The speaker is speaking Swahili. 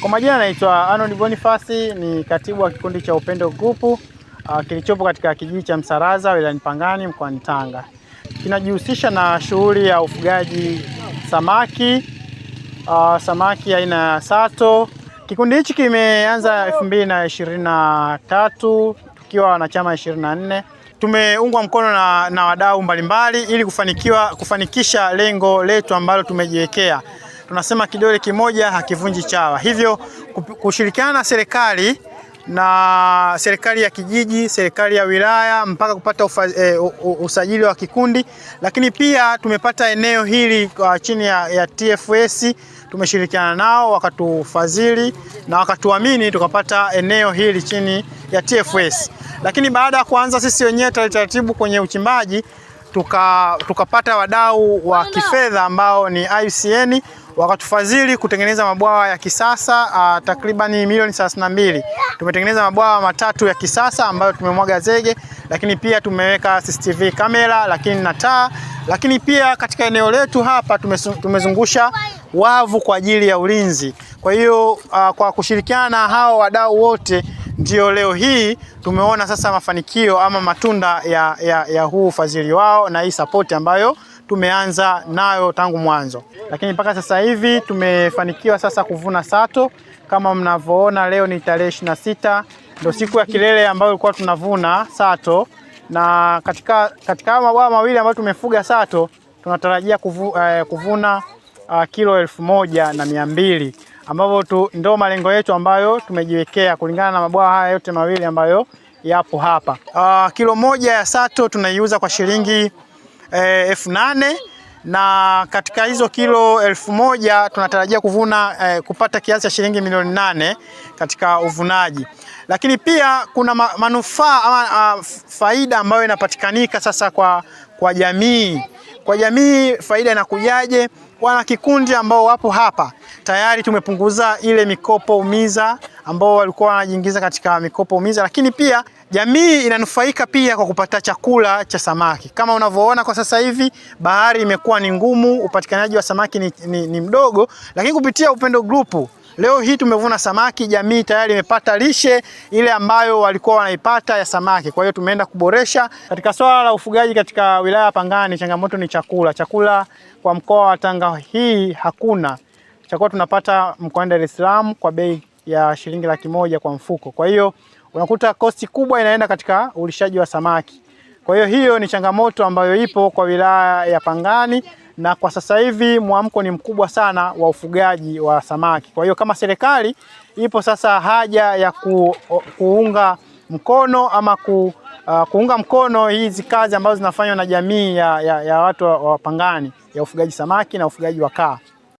Kwa majina naitwa Arnold Bonifasi, ni katibu wa kikundi cha Upendo Group ah, kilichopo katika kijiji cha Msaraza wilayani Pangani mkoani Tanga. Kinajihusisha na shughuli ya ufugaji samaki, uh, samaki aina ya sato. Kikundi hichi kimeanza elfu mbili na ishirini na tatu tukiwa wanachama ishirini na nne. Tumeungwa mkono na, na wadau mbalimbali ili kufanikiwa kufanikisha lengo letu ambalo tumejiwekea tunasema kidole kimoja hakivunji chawa. Hivyo kushirikiana na serikali na serikali ya kijiji, serikali ya wilaya mpaka kupata ufa, e, usajili wa kikundi. Lakini pia tumepata eneo hili kwa chini ya, ya TFS tumeshirikiana nao wakatufadhili na wakatuamini tukapata eneo hili chini ya TFS. Lakini baada ya kuanza sisi wenyewe taratibu kwenye uchimbaji tuka tukapata wadau wa kifedha ambao ni ICN wakatufadhili kutengeneza mabwawa ya kisasa uh, takribani milioni mbili. Tumetengeneza mabwawa matatu ya kisasa ambayo tumemwaga zege, lakini pia tumeweka CCTV kamera, lakini na taa, lakini pia katika eneo letu hapa tumezungusha wavu kwa ajili ya ulinzi. Kwa hiyo uh, kwa kushirikiana na hao wadau wote ndio leo hii tumeona sasa mafanikio ama matunda ya, ya, ya huu ufadhili wao na hii sapoti ambayo tumeanza nayo tangu mwanzo, lakini mpaka sasa hivi tumefanikiwa sasa kuvuna sato. Kama mnavyoona leo ni tarehe ishirini na sita ndio siku ya kilele ambayo ilikuwa tunavuna sato, na katika, katika mabwawa mawili ambayo tumefuga sato tunatarajia kuvu, eh, kuvuna uh, kilo elfu moja na mia mbili ambavyo tu ndio malengo yetu ambayo tumejiwekea kulingana na mabwawa haya yote mawili ambayo yapo hapa. Uh, kilo moja ya sato tunaiuza kwa shilingi eh, elfu nane na katika hizo kilo elfu moja tunatarajia kuvuna eh, kupata kiasi cha shilingi milioni nane katika uvunaji, lakini pia kuna manufaa ama uh, faida ambayo inapatikanika sasa kwa, kwa jamii. Kwa jamii faida inakujaje? Wana kikundi ambao wapo hapa tayari tumepunguza ile mikopo umiza ambao walikuwa wanajiingiza katika mikopo umiza, lakini pia jamii inanufaika pia kwa kupata chakula cha samaki. Kama unavyoona kwa sasa hivi bahari imekuwa ni ngumu, upatikanaji wa samaki ni, ni, ni mdogo, lakini kupitia Upendo Group leo hii tumevuna samaki, jamii tayari imepata lishe ile ambayo walikuwa wanaipata ya samaki. Kwa hiyo tumeenda kuboresha katika swala la ufugaji katika wilaya ya Pangani. Changamoto ni chakula, chakula kwa mkoa wa Tanga hii hakuna tutakuwa tunapata mkoani Dar es Salaam kwa bei ya shilingi laki moja kwa mfuko. Kwa hiyo unakuta kosti kubwa inaenda katika ulishaji wa samaki. Kwa hiyo hiyo ni changamoto ambayo ipo kwa wilaya ya Pangani na kwa sasa hivi mwamko ni mkubwa sana wa ufugaji wa samaki. Kwa hiyo kama serikali ipo sasa haja ya ku, kuunga mkono ama ku, uh, kuunga mkono hizi kazi ambazo zinafanywa na jamii ya, ya, ya watu wa Pangani ya ufugaji samaki na ufugaji wa kaa.